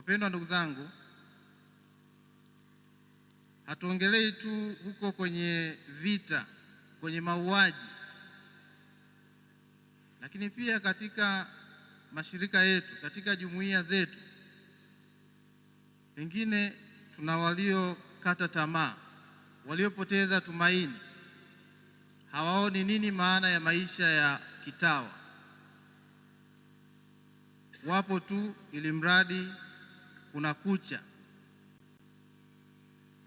Wapendwa ndugu zangu, hatuongelei tu huko kwenye vita, kwenye mauaji, lakini pia katika mashirika yetu, katika jumuiya zetu, pengine tuna waliokata tamaa, waliopoteza tumaini, hawaoni nini maana ya maisha ya kitawa, wapo tu ili mradi kuna kucha.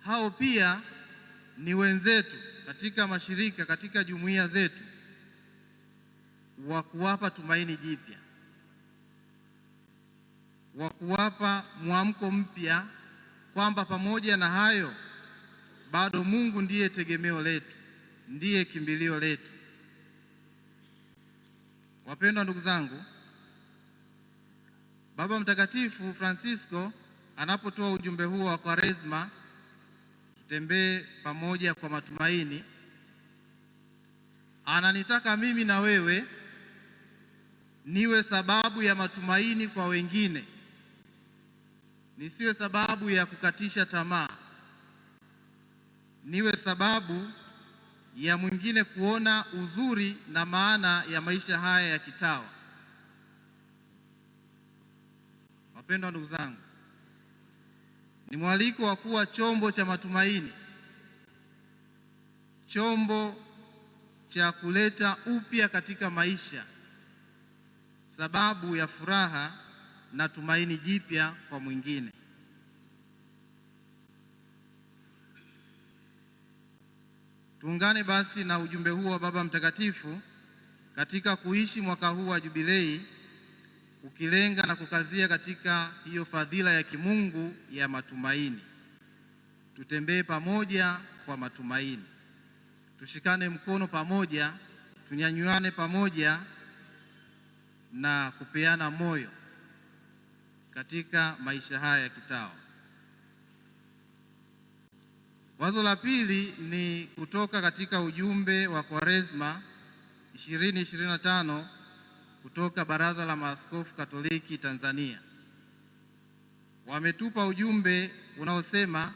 Hao pia ni wenzetu katika mashirika, katika jumuiya zetu, wa kuwapa tumaini jipya, wa kuwapa mwamko mpya kwamba pamoja na hayo bado Mungu ndiye tegemeo letu, ndiye kimbilio letu. Wapendwa ndugu zangu, Baba Mtakatifu Francisco anapotoa ujumbe huo wa Kwaresma, tutembee pamoja kwa matumaini, ananitaka mimi na wewe niwe sababu ya matumaini kwa wengine, nisiwe sababu ya kukatisha tamaa, niwe sababu ya mwingine kuona uzuri na maana ya maisha haya ya kitawa. Wapendwa ndugu zangu, ni mwaliko wa kuwa chombo cha matumaini, chombo cha kuleta upya katika maisha, sababu ya furaha na tumaini jipya kwa mwingine. Tuungane basi na ujumbe huo wa Baba Mtakatifu katika kuishi mwaka huu wa jubilei ukilenga na kukazia katika hiyo fadhila ya kimungu ya matumaini. Tutembee pamoja kwa matumaini, tushikane mkono pamoja, tunyanyuane pamoja na kupeana moyo katika maisha haya ya kitawa. Wazo la pili ni kutoka katika ujumbe wa Kwaresma 2025 kutoka Baraza la Maaskofu Katoliki Tanzania wametupa ujumbe unaosema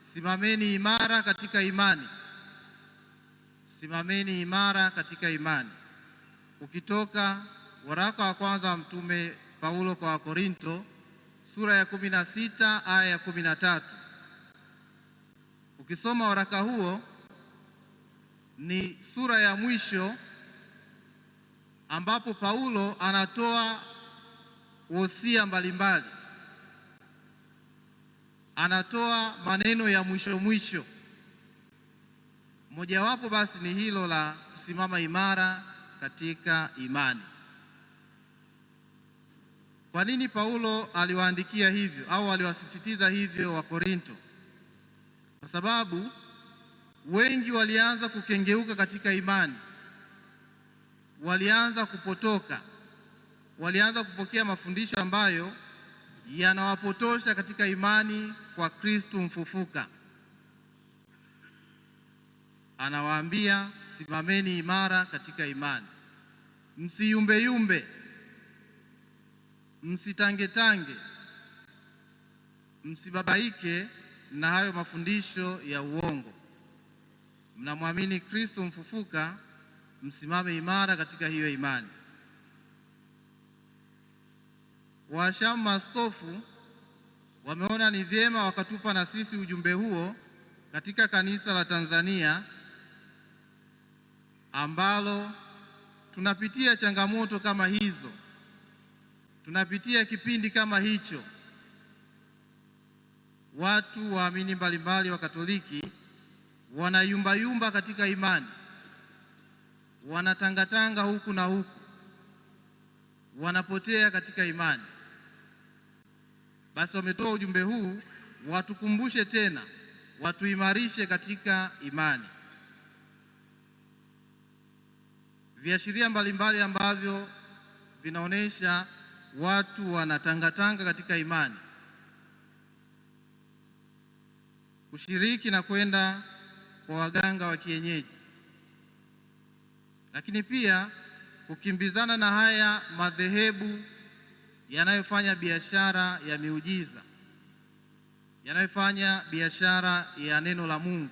simameni imara katika imani, simameni imara katika imani, ukitoka waraka wa kwanza wa Mtume Paulo kwa Wakorinto sura ya 16 aya ya 13. Ukisoma waraka huo, ni sura ya mwisho ambapo Paulo anatoa wosia mbalimbali, anatoa maneno ya mwisho mwisho. Mojawapo basi ni hilo la kusimama imara katika imani. Kwa nini Paulo aliwaandikia hivyo au aliwasisitiza hivyo wa Korinto? Kwa sababu wengi walianza kukengeuka katika imani walianza kupotoka, walianza kupokea mafundisho ambayo yanawapotosha katika imani kwa Kristo mfufuka. Anawaambia, simameni imara katika imani, msiyumbeyumbe, msitangetange, msibabaike na hayo mafundisho ya uongo. Mnamwamini Kristo mfufuka msimame imara katika hiyo imani. Washamu maaskofu wameona ni vyema wakatupa na sisi ujumbe huo katika kanisa la Tanzania ambalo tunapitia changamoto kama hizo, tunapitia kipindi kama hicho. Watu waamini mbalimbali wa Katoliki wanayumbayumba katika imani wanatangatanga huku na huku, wanapotea katika imani. Basi wametoa ujumbe huu watukumbushe tena, watuimarishe katika imani. Viashiria mbalimbali ambavyo vinaonyesha watu wanatangatanga katika imani: kushiriki na kwenda kwa waganga wa kienyeji lakini pia kukimbizana na haya madhehebu yanayofanya biashara ya miujiza, yanayofanya biashara ya neno la Mungu,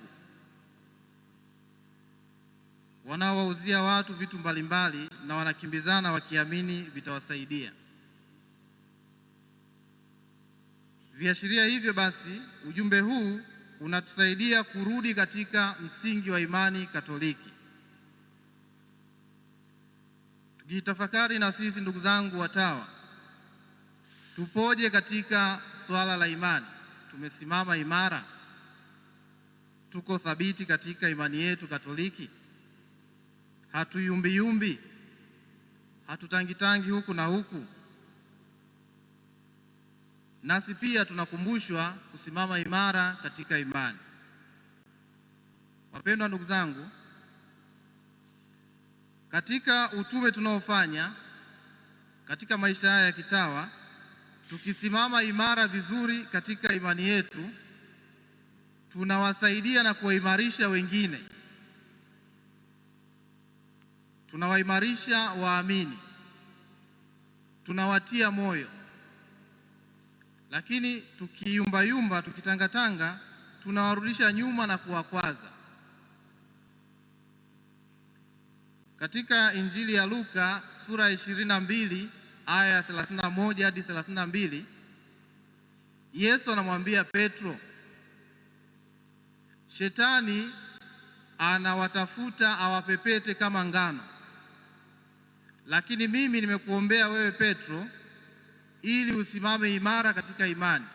wanaowauzia watu vitu mbalimbali na wanakimbizana wakiamini vitawasaidia. Viashiria hivyo basi, ujumbe huu unatusaidia kurudi katika msingi wa imani Katoliki. Jitafakari na sisi, ndugu zangu watawa, tupoje katika swala la imani? Tumesimama imara? Tuko thabiti katika imani yetu Katoliki? Hatuyumbiyumbi, hatutangitangi huku na huku. Nasi pia tunakumbushwa kusimama imara katika imani. Wapendwa ndugu zangu katika utume tunaofanya katika maisha haya ya kitawa, tukisimama imara vizuri katika imani yetu, tunawasaidia na kuwaimarisha wengine, tunawaimarisha waamini, tunawatia moyo. Lakini tukiyumbayumba, tukitangatanga, tunawarudisha nyuma na kuwakwaza. Katika Injili ya Luka sura ya 22 aya ya 31 hadi 32, Yesu anamwambia Petro, Shetani anawatafuta awapepete kama ngano, lakini mimi nimekuombea wewe Petro, ili usimame imara katika imani,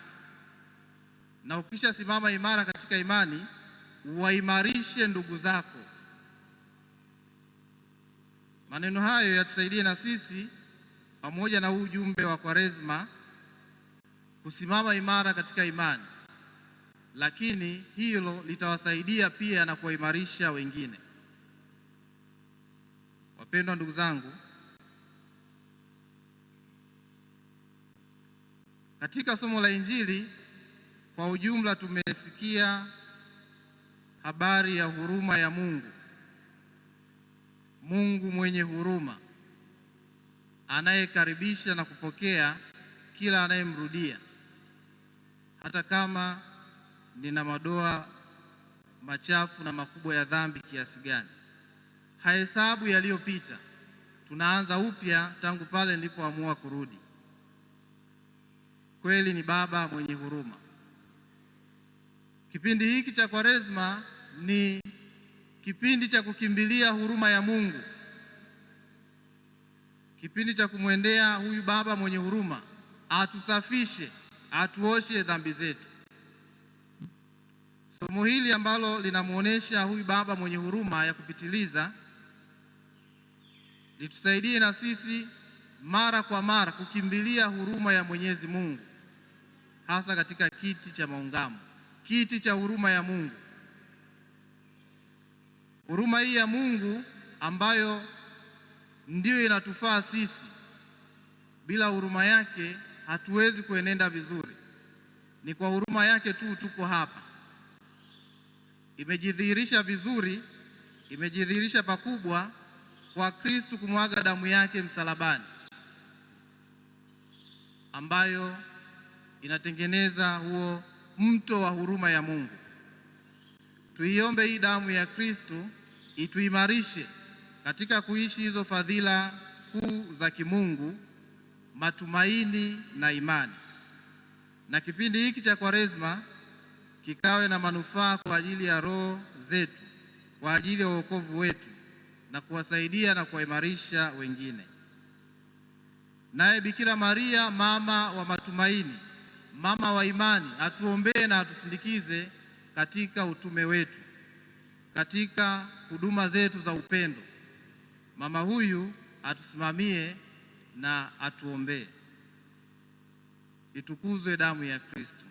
na ukishasimama imara katika imani, waimarishe ndugu zako. Maneno hayo yatusaidie na sisi pamoja na ujumbe wa Kwaresma kusimama imara katika imani, lakini hilo litawasaidia pia na kuwaimarisha wengine. Wapendwa ndugu zangu, katika somo la Injili kwa ujumla tumesikia habari ya huruma ya Mungu Mungu mwenye huruma anayekaribisha na kupokea kila anayemrudia hata kama nina madoa machafu na makubwa ya dhambi kiasi gani. Hahesabu yaliyopita, tunaanza upya tangu pale nilipoamua kurudi. Kweli ni Baba mwenye huruma. Kipindi hiki cha Kwaresma ni kipindi cha kukimbilia huruma ya Mungu, kipindi cha kumwendea huyu Baba mwenye huruma, atusafishe, atuoshe dhambi zetu. Somo hili ambalo linamwonyesha huyu Baba mwenye huruma ya kupitiliza litusaidie na sisi mara kwa mara kukimbilia huruma ya Mwenyezi Mungu, hasa katika kiti cha maungamo, kiti cha huruma ya Mungu. Huruma hii ya Mungu ambayo ndiyo inatufaa sisi, bila huruma yake hatuwezi kuenenda vizuri. Ni kwa huruma yake tu tuko hapa. Imejidhihirisha vizuri, imejidhihirisha pakubwa kwa Kristu kumwaga damu yake msalabani, ambayo inatengeneza huo mto wa huruma ya Mungu. Tuiombe hii damu ya Kristu ituimarishe katika kuishi hizo fadhila kuu za kimungu, matumaini na imani, na kipindi hiki cha Kwaresma kikawe na manufaa kwa ajili ya roho zetu, kwa ajili ya wokovu wetu, na kuwasaidia na kuwaimarisha wengine. Naye Bikira Maria, mama wa matumaini, mama wa imani, atuombee na atusindikize katika utume wetu katika huduma zetu za upendo. Mama huyu atusimamie na atuombee. Itukuzwe damu ya Kristo!